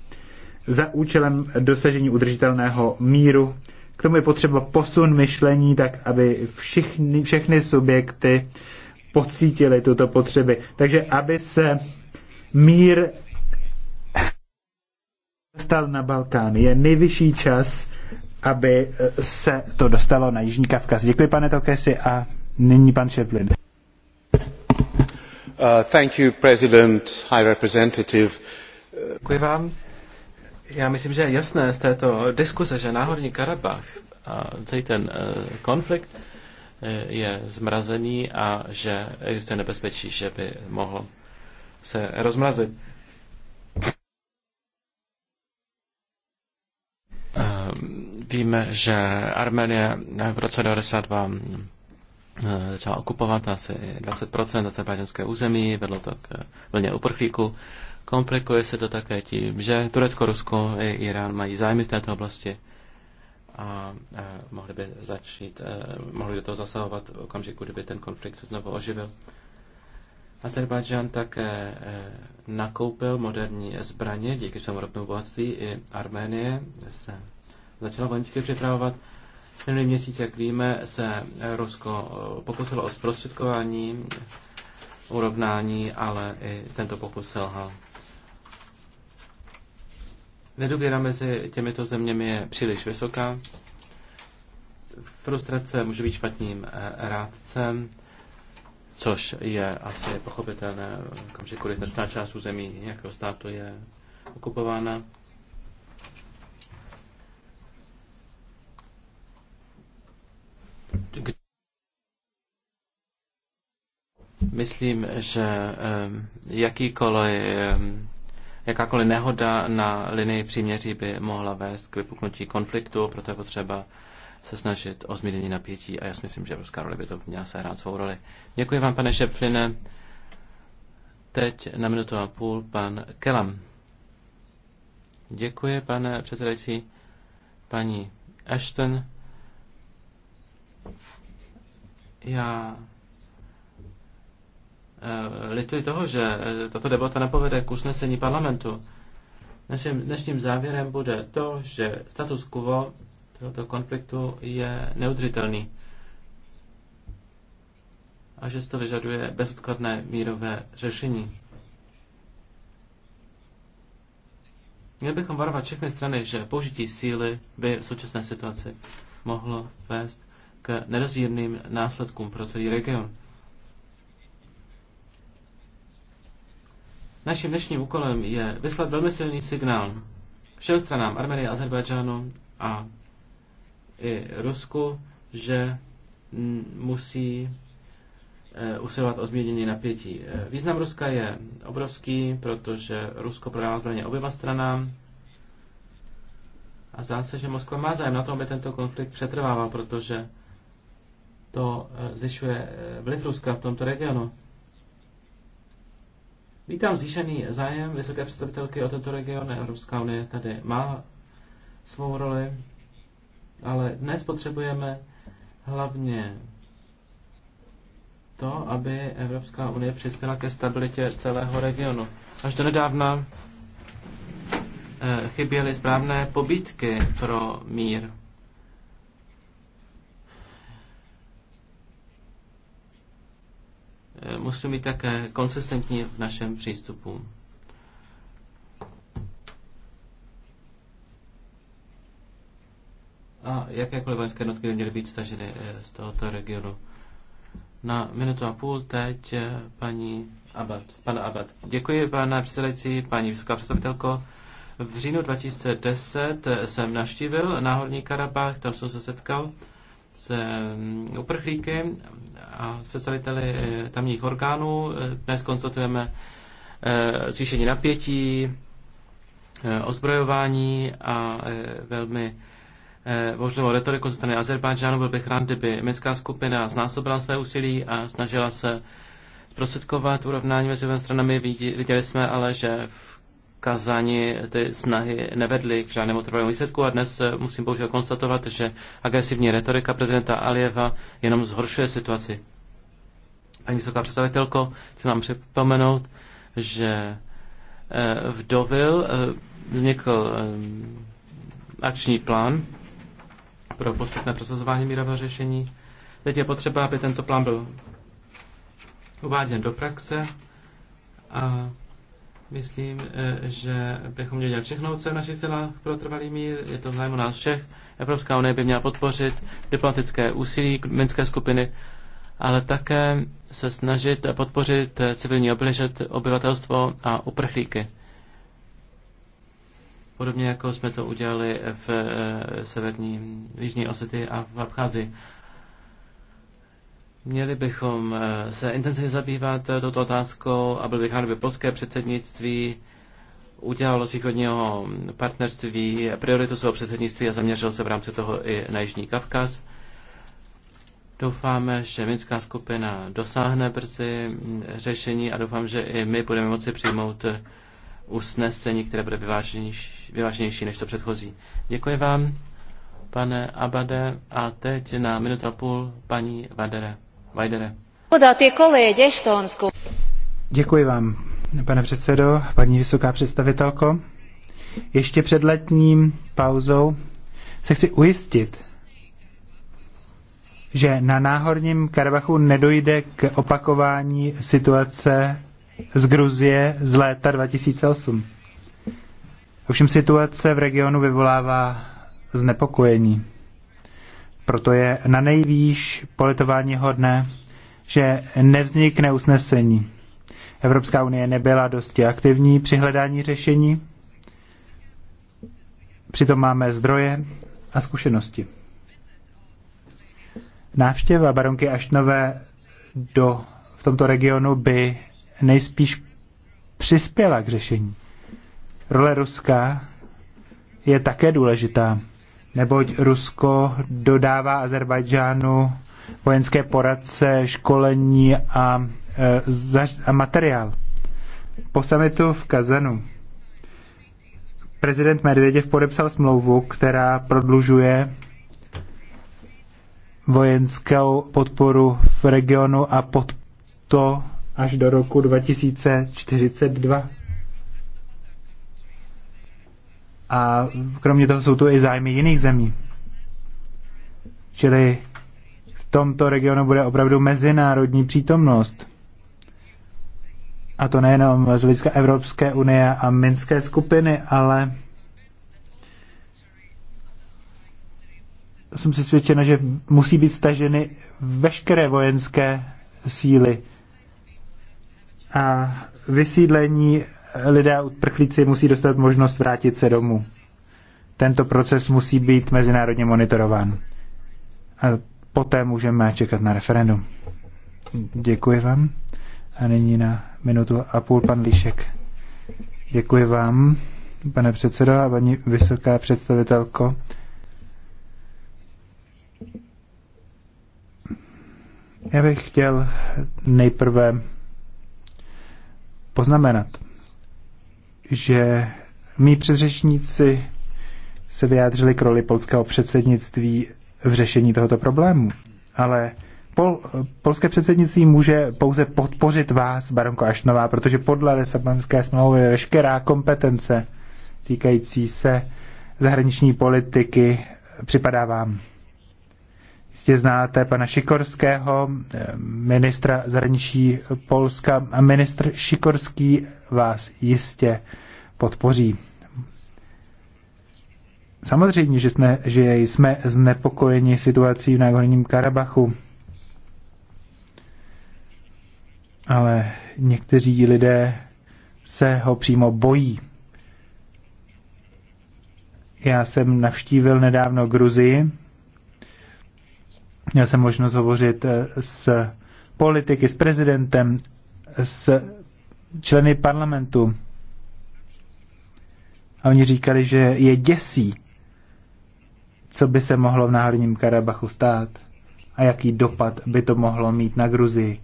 Speaker 3: Za účelem dosažení udržitelného míru k tomu je potřeba posun myšlení tak, aby všichni, všechny subjekty pocítili tuto potřeby. Takže aby se mír dostal na Balkán. Je nejvyšší čas, aby se to dostalo na Jižní Kavkaz. Děkuji, pane Tokesi, a nyní pan Šeplin. Uh, thank you, President, High Representative.
Speaker 1: Děkuji vám. Já myslím, že je jasné z této diskuse, že Náhorní Karabach a celý ten uh, konflikt uh, je zmrazený a že existuje nebezpečí, že by mohlo se rozmrazit. Eh, víme, že Arménie v roce 1992 eh, začala okupovat asi 20% azerbajdžanské území, vedlo to k vlně uprchlíků. Komplikuje se to také tím, že Turecko, Rusko i Irán mají zájmy v této oblasti a eh, mohli by začít, mohli do toho zasahovat v okamžiku, kdyby ten konflikt se znovu oživil. Azerbajdžán také eh, nakoupil moderní zbraně díky svému ropnému bohatství i Arménie se začala vojensky připravovat. Minulý měsíc, jak víme, se Rusko eh, pokusilo o zprostředkování urovnání, ale i tento pokus selhal. Nedůvěra mezi těmito zeměmi je příliš vysoká. Frustrace může být špatným eh, rádcem což je asi pochopitelné, okamžiku, kdy značná část území nějakého státu je okupována. Myslím, že jakýkoliv, jakákoliv nehoda na linii příměří by mohla vést k vypuknutí konfliktu, proto je potřeba se snažit o zmírnění napětí a já si myslím, že Evropská roli by to měla hrát svou roli. Děkuji vám, pane Šepfline. Teď na minutu a půl pan Kelam. Děkuji, pane předsedající, paní Ashton. Já eh, lituji toho, že eh, tato debata nepovede k usnesení parlamentu. Naším dnešním závěrem bude to, že status quo tohoto konfliktu je neudržitelný a že to vyžaduje bezodkladné mírové řešení. Měli bychom varovat všechny strany, že použití síly by v současné situaci mohlo vést k nedozírným následkům pro celý region. Naším dnešním úkolem je vyslat velmi silný signál všem stranám Armenie, Azerbajdžánu a i Rusku, že musí e, usilovat o změnění napětí. E, význam Ruska je obrovský, protože Rusko prodává zbraně oběma stranám a zdá se, že Moskva má zájem na tom, aby tento konflikt přetrvával, protože to e, zvyšuje vliv Ruska v tomto regionu. Vítám zvýšený zájem vysoké představitelky o tento region. Evropská unie tady má svou roli ale dnes potřebujeme hlavně to, aby Evropská unie přispěla ke stabilitě celého regionu. Až do nedávna eh, chyběly správné pobídky pro mír. Eh, Musíme být také konsistentní v našem přístupu. a jakékoliv vojenské jednotky by měly být staženy eh, z tohoto regionu. Na minutu a půl teď eh, paní Abad, pana Abad. Děkuji, pane předsedající, paní vysoká představitelko. V říjnu 2010 eh, jsem navštívil náhorní Karabach, tam jsem se setkal s mm, uprchlíky a s představiteli tamních orgánů. Dnes konstatujeme zvýšení napětí, ozbrojování a velmi možnou eh, retoriku ze strany Azerbajdžánu. Byl bych rád, kdyby německá skupina znásobila své úsilí a snažila se zprostředkovat urovnání mezi dvěma stranami. Viděli jsme ale, že v Kazani ty snahy nevedly k žádnému trvalému výsledku a dnes eh, musím bohužel konstatovat, že agresivní retorika prezidenta Alieva jenom zhoršuje situaci. Paní vysoká představitelko, chci vám připomenout, že eh, v Dovil vznikl akční plán pro postupné prosazování mírového řešení. Teď je potřeba, aby tento plán byl uváděn do praxe a myslím, e, že bychom měli dělat všechno, co je v našich silách pro trvalý mír. Je to v zájmu nás všech. Evropská unie by měla podpořit diplomatické úsilí minské skupiny, ale také se snažit podpořit civilní obyvatelstvo a uprchlíky podobně jako jsme to udělali v eh, severní, v Jižní Osety a v Abcházi. Měli bychom eh, se intenzivně zabývat eh, touto otázkou a byl bych rád, aby polské předsednictví udělalo z východního partnerství prioritu svého předsednictví a zaměřil se v rámci toho i na Jižní Kavkaz. Doufáme, že minská skupina dosáhne brzy mm, řešení a doufám, že i my budeme moci přijmout usnesení, které bude vyváženější vyváženější než to předchozí. Děkuji vám, pane Abade, a teď na minutu a půl paní Vadere. Vajdere.
Speaker 3: Děkuji vám, pane předsedo, paní vysoká představitelko. Ještě před letním pauzou se chci ujistit, že na náhorním Karabachu nedojde k opakování situace z Gruzie z léta 2008. Ovšem situace v regionu vyvolává znepokojení. Proto je na nejvýš politování hodné, že nevznikne usnesení. Evropská unie nebyla dosti aktivní při hledání řešení, přitom máme zdroje a zkušenosti. Návštěva baronky Aštnové do, v tomto regionu by nejspíš přispěla k řešení. Role Ruska je také důležitá, neboť Rusko dodává Azerbajdžánu vojenské poradce, školení a, e, a materiál. Po samitu v Kazanu prezident Medvěděv podepsal smlouvu, která prodlužuje vojenskou podporu v regionu a pod to až do roku 2042. A kromě toho jsou tu i zájmy jiných zemí. Čili v tomto regionu bude opravdu mezinárodní přítomnost. A to nejenom z lidské Evropské unie a Minské skupiny, ale jsem přesvědčena, že musí být staženy veškeré vojenské síly a vysídlení lidé uprchlíci musí dostat možnost vrátit se domů. Tento proces musí být mezinárodně monitorován. A poté můžeme čekat na referendum. Děkuji vám. A nyní na minutu a půl pan Líšek. Děkuji vám, pane předsedo a paní vysoká představitelko. Já bych chtěl nejprve poznamenat, že mý předřečníci se vyjádřili k roli polského předsednictví v řešení tohoto problému. Ale Pol, polské předsednictví může pouze podpořit vás, baronko Ašnová, protože podle Lisabonské smlouvy veškerá kompetence týkající se zahraniční politiky připadá vám. Jistě znáte pana Šikorského, eh, ministra zahraničí Polska a ministr Šikorský vás jistě podpoří. Samozřejmě, že jsme, že jsme znepokojeni situací v Náhorním Karabachu, ale někteří lidé se ho přímo bojí. Já jsem navštívil nedávno Gruzii. Měl jsem možnost hovořit s politiky, s prezidentem, s členy parlamentu. A oni říkali, že je děsí, co by se mohlo v Náhorním Karabachu stát a jaký dopad by to mohlo mít na Gruzii.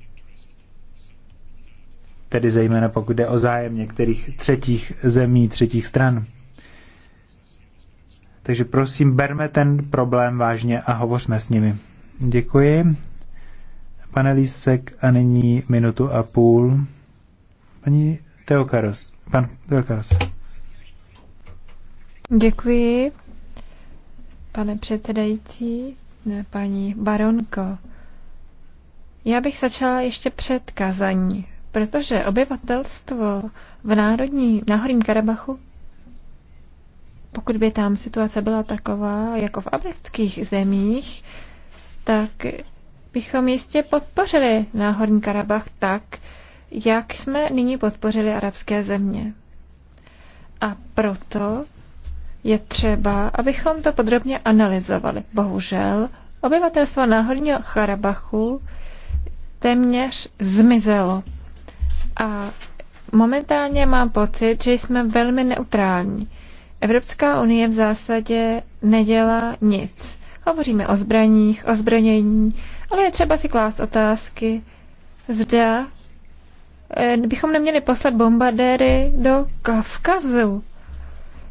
Speaker 3: Tedy zejména pokud jde o zájem některých třetích zemí, třetích stran. Takže prosím, berme ten problém vážně a hovořme s nimi. Děkuji. Pane Lísek, a nyní minutu a půl. Paní Teokaros. Pan Teokaros.
Speaker 2: Děkuji, pane předsedající, ne, paní baronko. Já bych začala ještě před kazaní, protože obyvatelstvo v národní, náhorním Karabachu, pokud by tam situace byla taková, jako v abeckých zemích, tak bychom jistě podpořili náhorní Karabach tak, jak jsme nyní podpořili arabské země. A proto je třeba, abychom to podrobně analyzovali. Bohužel, obyvatelstvo náhodního Charabachu téměř zmizelo. A momentálně mám pocit, že jsme velmi neutrální. Evropská unie v zásadě nedělá nic. Hovoříme o zbraních, o zbranění, ale je třeba si klást otázky, zda Eh, bychom neměli poslat bombardéry do Kavkazu.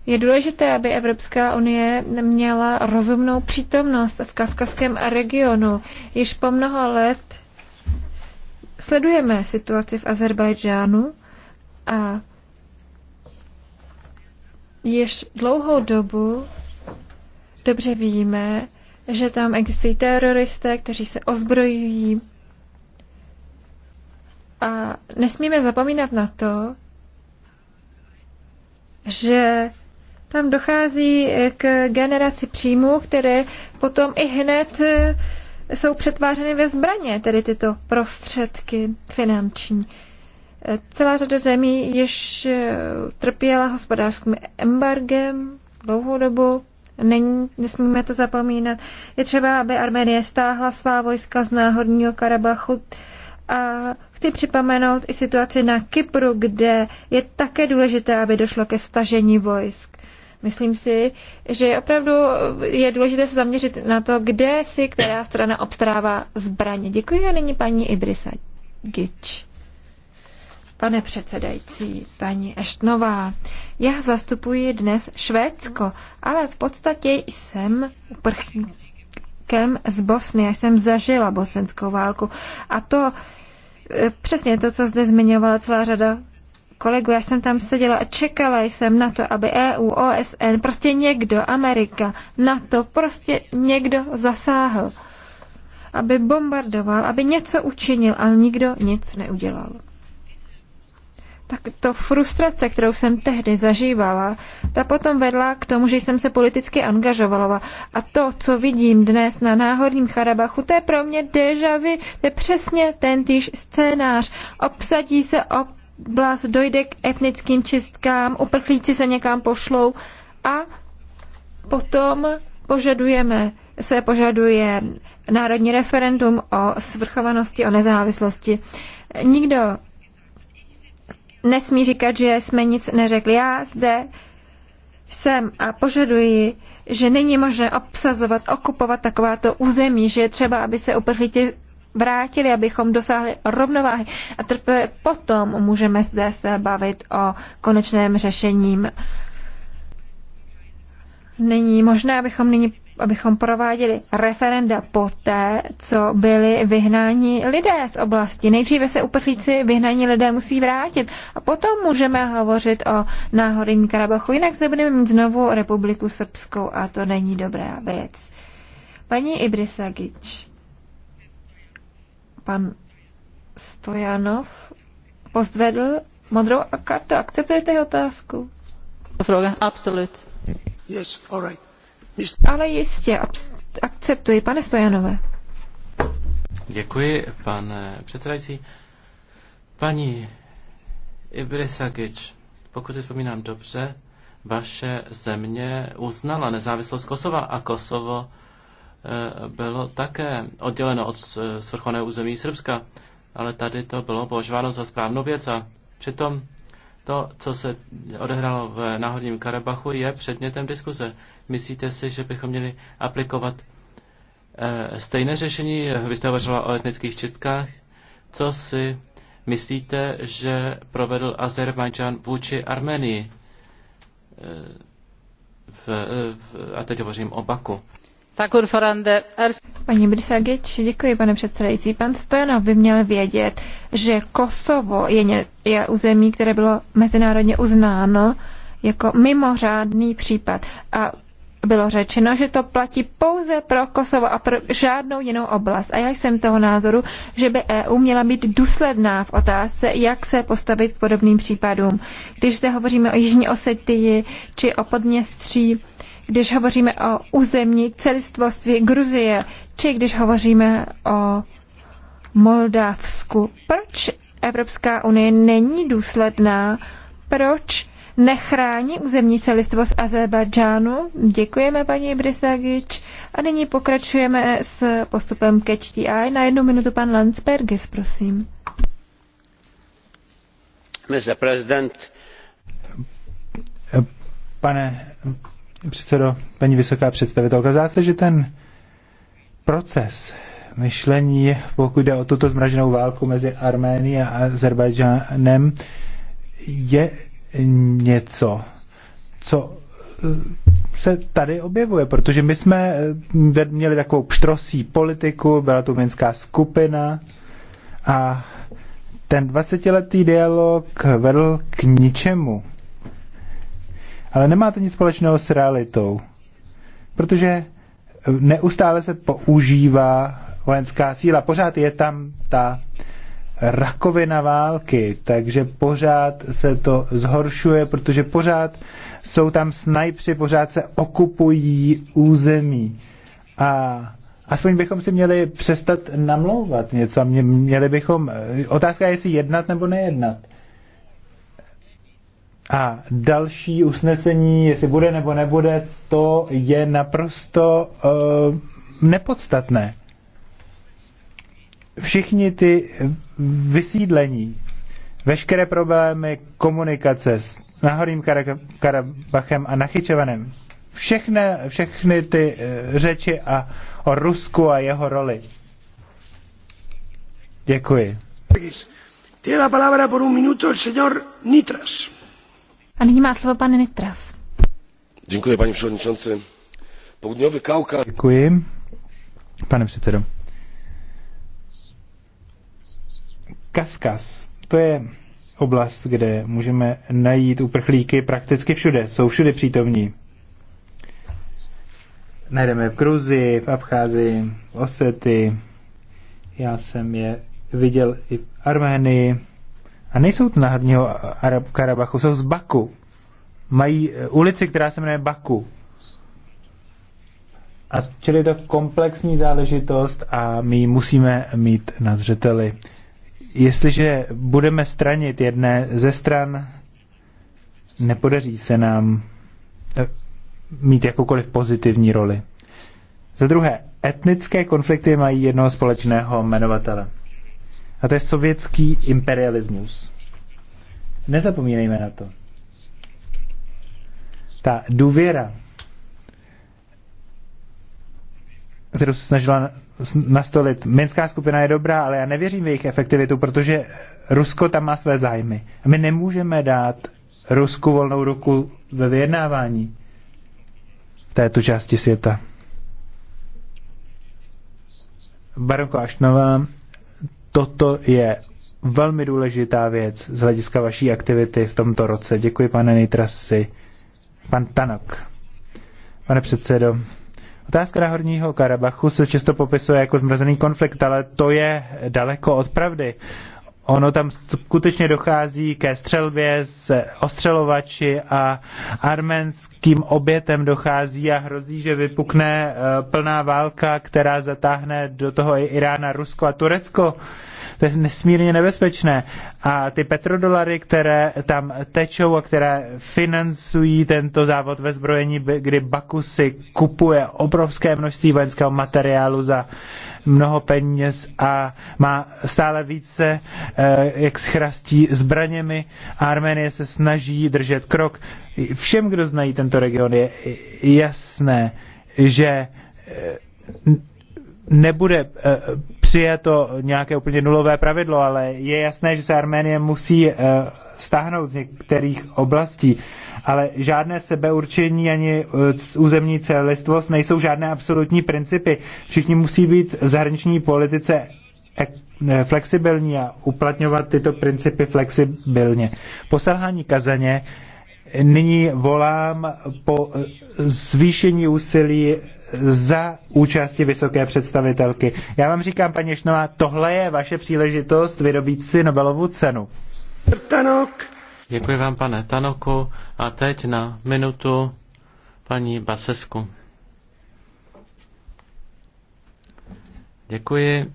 Speaker 2: Je důležité, aby Evropská unie měla rozumnou přítomnost v kavkazském regionu. Již po mnoho let sledujeme situaci v Azerbajdžánu a již dlouhou dobu dobře víme, že tam existují teroristé, kteří se ozbrojují, a nesmíme zapomínat na to, že tam dochází k generaci příjmů, které potom i hned e, jsou přetvářeny ve zbraně, tedy tyto prostředky finanční. E, celá řada zemí již e, trpěla hospodářským embargem dlouhou dobu. Není, nesmíme to zapomínat. Je třeba, aby Arménie stáhla svá vojska z náhodního Karabachu, a chci připomenout i situaci na Kypru, kde je také důležité, aby došlo ke stažení vojsk. Myslím si, že opravdu je důležité se zaměřit na to, kde si která strana obstarává zbraně. Děkuji a nyní paní Ibrisa Gič. Pane předsedající, paní Eštnová, já zastupuji dnes Švédsko, ale v podstatě jsem uprchlík uprchlíkem z Bosny. Já jsem zažila bosenskou válku. A to e, přesně to, co zde zmiňovala celá řada kolegu, já jsem tam seděla a čekala jsem na to, aby EU, OSN, prostě někdo, Amerika, na to prostě někdo zasáhl. Aby bombardoval, aby něco učinil, ale nikdo nic neudělal tak to frustrace, kterou jsem tehdy zažívala, ta potom vedla k tomu, že jsem se politicky angažovala. A to, co vidím dnes na náhorním Charabachu, to je pro mě déjà vu, to je přesně ten týž scénář. Obsadí se oblast, dojde k etnickým čistkám, uprchlíci se někam pošlou a potom požadujeme se požaduje národní referendum o svrchovanosti, o nezávislosti. Nikdo nesmí říkat, že jsme nic neřekli. Já zde jsem a požaduji, že není možné obsazovat, okupovat takováto území, že je třeba, aby se uprchlíci vrátili, abychom dosáhli rovnováhy. A teprve potom můžeme zde se bavit o konečném řešením. Není možné, abychom nyní abychom prováděli referenda poté, co byli vyhnáni lidé z oblasti. Nejdříve se uprchlíci vyhnaní lidé musí vrátit a potom můžeme hovořit o náhorním Karabachu, jinak zde budeme mít znovu republiku srbskou a to není dobrá věc. Paní Ibrisagič, pan Stojanov pozvedl modrou kartu. Akceptujete otázku? Absolut. Yes, all right. Ale jistě, akceptuji. Pane Stojanové.
Speaker 1: Děkuji, pane předsedající. Paní Ibrisagič, pokud si vzpomínám dobře, vaše země uznala nezávislost Kosova a Kosovo eh, bylo také odděleno od eh, svrchovaného území Srbska, ale tady to bylo považováno za správnou věc a přitom to, co se odehrálo v Náhodním Karabachu, je předmětem diskuze. Myslíte si, že bychom měli aplikovat eh, stejné řešení? Vy jste hovořila o etnických čistkách. Co si myslíte, že provedl Azerbajdžán vůči Armenii? Eh, v, eh, v, a teď hovořím o Baku.
Speaker 2: Tak, Urfarande. Paní Brisagič, děkuji, pane předsedající. Pan Stojanov by měl vědět, že Kosovo je, je území, které bylo mezinárodně uznáno jako mimořádný případ. A bylo řečeno, že to platí pouze pro Kosovo a pro žádnou jinou oblast. A já jsem toho názoru, že by EU měla být důsledná v otázce, jak se postavit k podobným případům. Když zde hovoříme o Jižní Osetii či o Podněstří, když hovoříme o územní celistvosti Gruzie, či když hovoříme o Moldavsku. Proč Evropská unie není důsledná? Proč nechrání územní celistvost Azerbajdžánu? Děkujeme, paní Brisagič. A nyní pokračujeme s postupem ke čtí. Na jednu minutu pan Landsbergis, prosím.
Speaker 1: Mr. President.
Speaker 3: Pane předsedo, paní vysoká představitelka. Zdá se, že ten proces myšlení, pokud jde o tuto zmraženou válku mezi Arménií a Azerbajdžánem, je něco, co eh, se tady objevuje, protože my jsme eh, měli takovou pštrosí politiku, byla tu minská skupina a ten 20-letý dialog vedl k ničemu ale nemá to nic společného s realitou. Protože neustále se používá vojenská síla, pořád je tam ta rakovina války, takže pořád se to zhoršuje, protože pořád jsou tam snajpři, pořád se okupují území. A aspoň bychom si měli přestat namlouvat něco. Měli bychom, otázka je, jestli jednat nebo nejednat. A další usnesení, jestli bude nebo nebude, to je naprosto uh, nepodstatné. Všichni ty vysídlení, veškeré problémy komunikace s Nahorým Karabachem a Nachyčevanem, všechny, všechny ty eh, řeči a o Rusku a jeho roli. Děkuji. Tiene la palabra por un minuto el señor Nitras.
Speaker 2: A nyní má slovo pan Nitras. Děkuji, paní předsedající. Poudňový Kaukaz.
Speaker 3: Děkuji, pane předsedo. Kavkaz, to je oblast, kde můžeme najít uprchlíky prakticky všude, jsou všude přítomní. Najdeme v Gruzii, v Abcházii, v Osety. Já jsem je viděl i v Arménii a nejsou to Národního Karabachu, jsou z Baku. Mají eh, ulici, která se jmenuje Baku. A čili je to komplexní záležitost a my ji musíme mít na zřeteli. Jestliže budeme stranit jedné ze stran, nepodaří se nám eh, mít jakoukoliv pozitivní roli. Za druhé, etnické konflikty mají jednoho společného jmenovatele – a to je sovětský imperialismus. Nezapomínejme na to. Ta důvěra, kterou se snažila nastolit. Minská skupina je dobrá, ale já nevěřím v jejich efektivitu, protože Rusko tam má své zájmy. A my nemůžeme dát Rusku volnou ruku ve vyjednávání v této části světa. Baronko Ašnová, toto je velmi důležitá věc z hlediska vaší aktivity v tomto roce. Děkuji, pane Nitrasi. Pan Tanok. Pane předsedo, Otázka Horního Karabachu se často popisuje jako zmrazený konflikt, ale to je daleko od pravdy ono tam skutečně dochází ke střelbě s ostřelovači a arménským obětem dochází a hrozí, že vypukne eh, plná válka, která zatáhne do toho i Irána, Rusko a Turecko. To je nesmírně nebezpečné. A ty petrodolary, které tam tečou a které financují tento závod ve zbrojení, kdy Baku si kupuje obrovské množství vojenského materiálu za mnoho peněz a má stále více, eh, jak schrastí zbraněmi a Arménie se snaží držet krok. Všem, kdo znají tento region, je jasné, že eh, nebude eh, je to nějaké úplně nulové pravidlo, ale je jasné, že se Arménie musí eh, stáhnout z některých oblastí, ale žádné sebeurčení ani eh, územní celistvost nejsou žádné absolutní principy. Všichni musí být v zahraniční politice eh, flexibilní a uplatňovat tyto principy flexibilně. Po selhání Kazaně nyní volám po zvýšení úsilí za účasti vysoké představitelky. Já vám říkám, paní Šnová, tohle je vaše příležitost vyrobit si Nobelovu cenu.
Speaker 1: Tanok. Děkuji vám, pane Tanoku. A teď na minutu paní Basesku. Děkuji.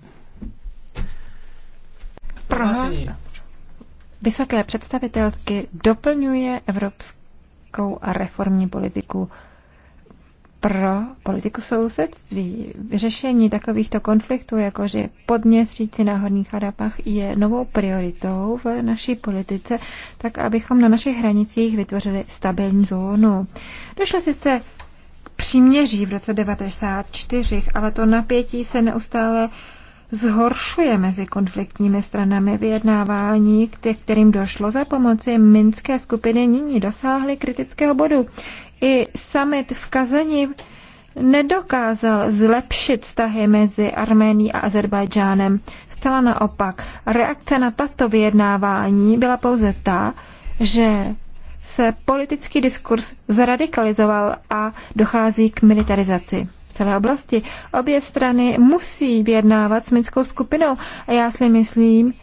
Speaker 1: Praha
Speaker 2: vysoké představitelky doplňuje evropskou a reformní politiku pro politiku sousedství. Řešení takovýchto konfliktů, jakože podměstříci na Horních Harapách, je novou prioritou v naší politice, tak abychom na našich hranicích vytvořili stabilní zónu. Došlo sice k příměří v roce 1994, ale to napětí se neustále zhoršuje mezi konfliktními stranami vyjednávání, kterým došlo za pomoci minské skupiny nyní dosáhly kritického bodu. I summit v Kazani nedokázal zlepšit vztahy mezi Arménií a Azerbajdžánem. Zcela naopak, reakce na tato vyjednávání byla pouze ta, že se politický diskurs zradikalizoval a dochází k militarizaci celé oblasti. Obě strany musí vyjednávat s minskou skupinou a já si myslím,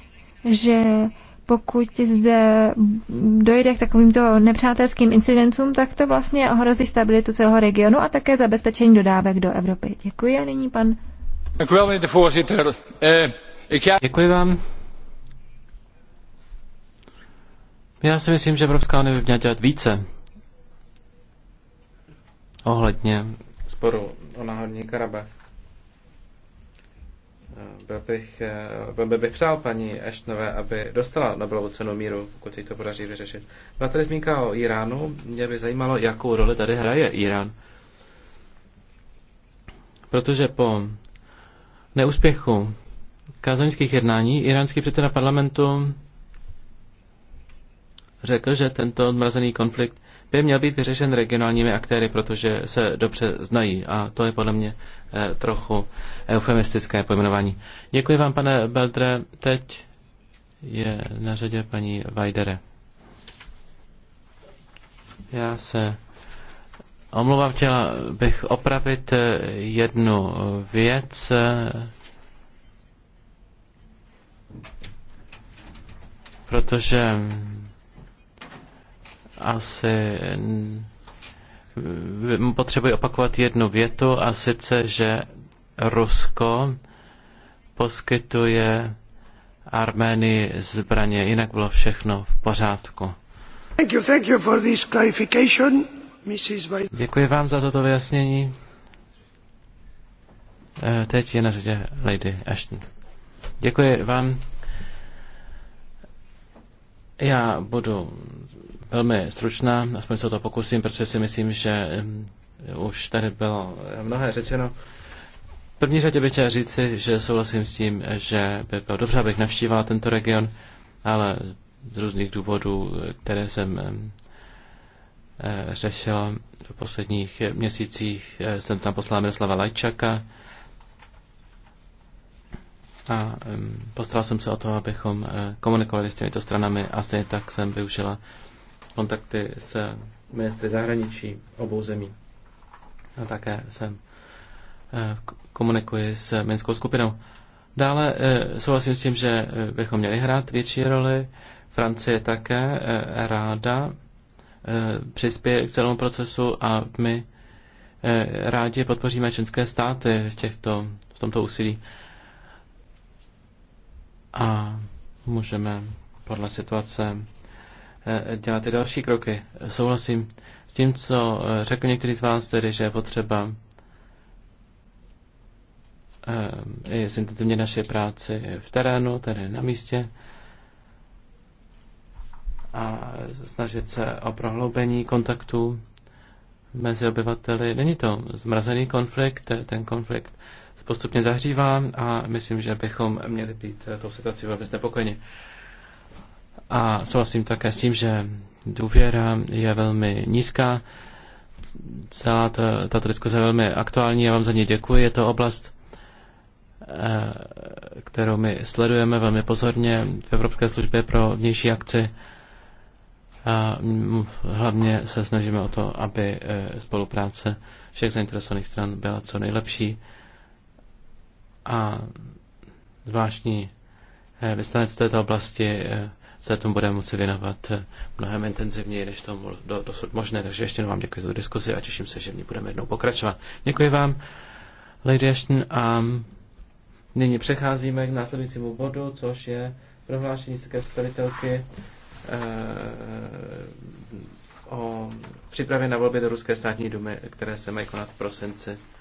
Speaker 2: že pokud zde dojde k takovýmto nepřátelským incidencům, tak to vlastně ohrozí stabilitu celého regionu a také zabezpečení dodávek do Evropy. Děkuji a nyní pan.
Speaker 1: Eh, Děkuji vám. Já si myslím, že Evropská unie by měla dělat více ohledně sporu o náhodní Karabach. Eh, byl bych, eh, byl bych přál paní Eštnové, aby dostala Nobelovu cenu míru, pokud se to podaří vyřešit. Byla tady zmínka o Iránu. Mě by zajímalo, jakou roli tady hraje Irán. Protože po neúspěchu kázaňských jednání iránský předseda parlamentu řekl, že tento odmrazený konflikt by měl být vyřešen regionálními aktéry, protože se dobře znají a to je podle mě eh, trochu eufemistické pojmenování. Děkuji vám, pane Beldre. Teď je na řadě paní Vajdere. Já se omluvám, chtěla bych opravit eh, jednu věc. Protože asi potřebuji opakovat jednu větu a sice, že Rusko poskytuje Arménii zbraně, jinak bylo všechno v pořádku.
Speaker 3: Thank you, thank you for this clarification,
Speaker 2: Mrs.
Speaker 1: Děkuji vám za toto vyjasnění. E, teď je na řadě Lady Ashton. Děkuji vám. Já budu velmi stručná, aspoň se to pokusím, protože si myslím, že už tady bylo mnohé řečeno. V první řadě bych chtěl říci, že souhlasím s tím, že by bylo dobře, abych navštívala tento region, ale z různých důvodů, které jsem eh, řešila v posledních měsících, eh, jsem tam poslala Miroslava Lajčaka a postaral jsem se o to, abychom eh, komunikovali s těmito stranami a stejně tak jsem využila kontakty s ministry zahraničí obou zemí. A také jsem eh, komunikuji s minskou skupinou. Dále eh, souhlasím s tím, že eh, bychom měli hrát větší roli. Francie také ráda přispěje k celému procesu a my rádi podpoříme členské státy v, těchto, v tomto úsilí. A můžeme podle situace Eh, dělat ty další kroky. Souhlasím s tím, co eh, řekl některý z vás tedy, že je potřeba eh, i syntetivně naše práci v terénu, tedy na místě a snažit se o prohloubení kontaktů mezi obyvateli. Není to zmrazený konflikt, ten konflikt postupně zahřívá a myslím, že bychom měli být tou situací velmi znepokojeni. A souhlasím také s tím, že důvěra je velmi nízká. Celá ta tato diskuze je velmi aktuální. Já vám za ně děkuji. Je to oblast, eh, kterou my sledujeme velmi pozorně v Evropské službě pro vnější akci. A hlavně se snažíme o to, aby eh, spolupráce všech zainteresovaných stran byla co nejlepší. A zvláštní eh, vyslanec v této oblasti se tomu budeme moci věnovat eh, mnohem intenzivněji, než to do, dosud možné. Takže ještě jednou vám děkuji za diskusi diskuzi a těším se, že v ní budeme jednou pokračovat. Děkuji vám, Lady Ashton, a nyní přecházíme k následujícímu bodu, což je prohlášení se představitelky eh, o přípravě na volby do Ruské státní dumy, které se mají konat v prosinci.